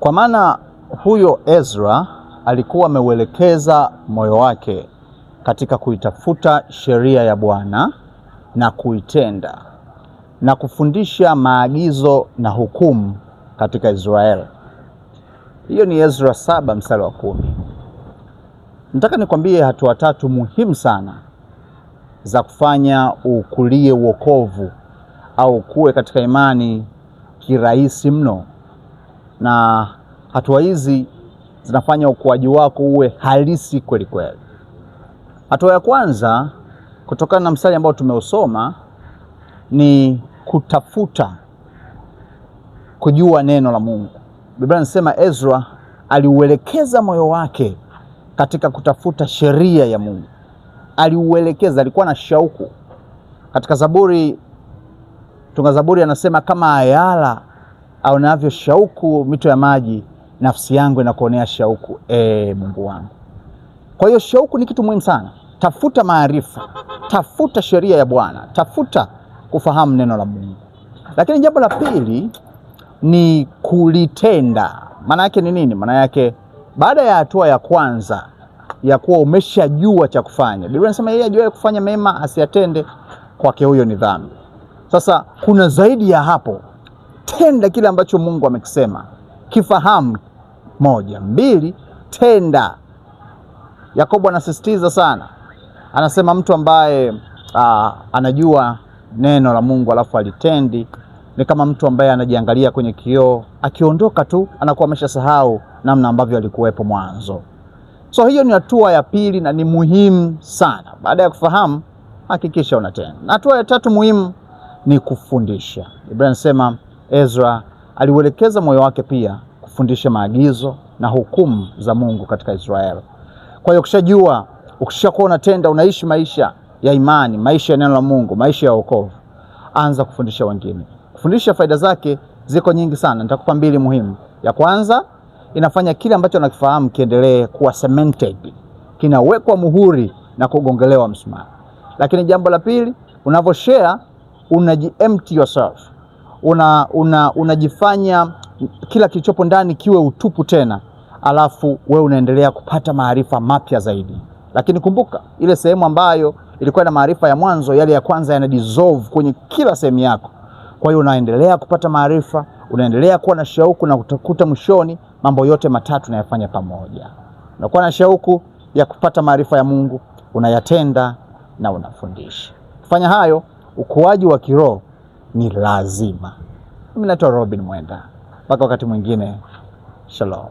Kwa maana huyo Ezra alikuwa ameuelekeza moyo wake katika kuitafuta sheria ya Bwana na kuitenda na kufundisha maagizo na hukumu katika Israeli. Hiyo ni Ezra saba mstari wa kumi. Nataka nikwambie hatua tatu muhimu sana za kufanya ukulie uokovu au kuwe katika imani kirahisi mno na hatua hizi zinafanya ukuaji wako uwe halisi kweli kweli. Hatua ya kwanza kutokana na mstari ambao tumeusoma ni kutafuta kujua neno la Mungu. Biblia inasema Ezra aliuelekeza moyo wake katika kutafuta sheria ya Mungu, aliuelekeza, alikuwa na shauku. Katika Zaburi, tunga Zaburi anasema kama ayala aonavyo shauku mito ya maji, nafsi yangu inakuonea shauku, e Mungu wangu. Kwa hiyo shauku ni kitu muhimu sana. Tafuta maarifa, tafuta sheria ya Bwana, tafuta kufahamu neno la Mungu. Lakini jambo la pili ni kulitenda. Maana yake ni nini? Maana yake baada ya hatua ya kwanza ya kuwa umeshajua cha kufanya, Biblia inasema yeye ajuaye kufanya mema asiyatende, kwake huyo ni dhambi. Sasa kuna zaidi ya hapo tenda kile ambacho Mungu amekisema, kifahamu. Moja, mbili, tenda. Yakobo anasisitiza sana, anasema mtu ambaye aa, ah, anajua neno la Mungu alafu alitendi ni kama mtu ambaye anajiangalia kwenye kioo, akiondoka tu anakuwa ameshasahau namna ambavyo alikuwepo mwanzo. So hiyo ni hatua ya pili na ni muhimu sana. Baada ya kufahamu, hakikisha unatenda. Na hatua ya tatu muhimu ni kufundisha. Biblia inasema Ezra aliuelekeza moyo wake pia kufundisha maagizo na hukumu za Mungu katika Israeli. Kwa hiyo ukishajua, ukishakuwa unatenda, unaishi maisha ya imani, maisha ya neno la Mungu, maisha ya wokovu, anza kufundisha wengine. Kufundisha faida zake ziko nyingi sana, nitakupa mbili muhimu. Ya kwanza inafanya kile ambacho nakifahamu kiendelee kuwa cemented, kinawekwa muhuri na kugongelewa msumari. Lakini jambo la pili, unavyoshare unaji empty yourself unajifanya una, una kila kilichopo ndani kiwe utupu tena, alafu wewe unaendelea kupata maarifa mapya zaidi. Lakini kumbuka ile sehemu ambayo ilikuwa na maarifa ya mwanzo, yale ya kwanza yana dissolve kwenye kila sehemu yako. Kwa hiyo unaendelea kupata maarifa, unaendelea kuwa na shauku na utakuta mwishoni mambo yote matatu nayafanya pamoja. Unakuwa na shauku ya kupata maarifa ya Mungu, unayatenda na unafundisha. Kufanya hayo, ukuaji wa kiroho ni lazima. Mimi naitwa Robin Mwenda, mpaka wakati mwingine, shalom.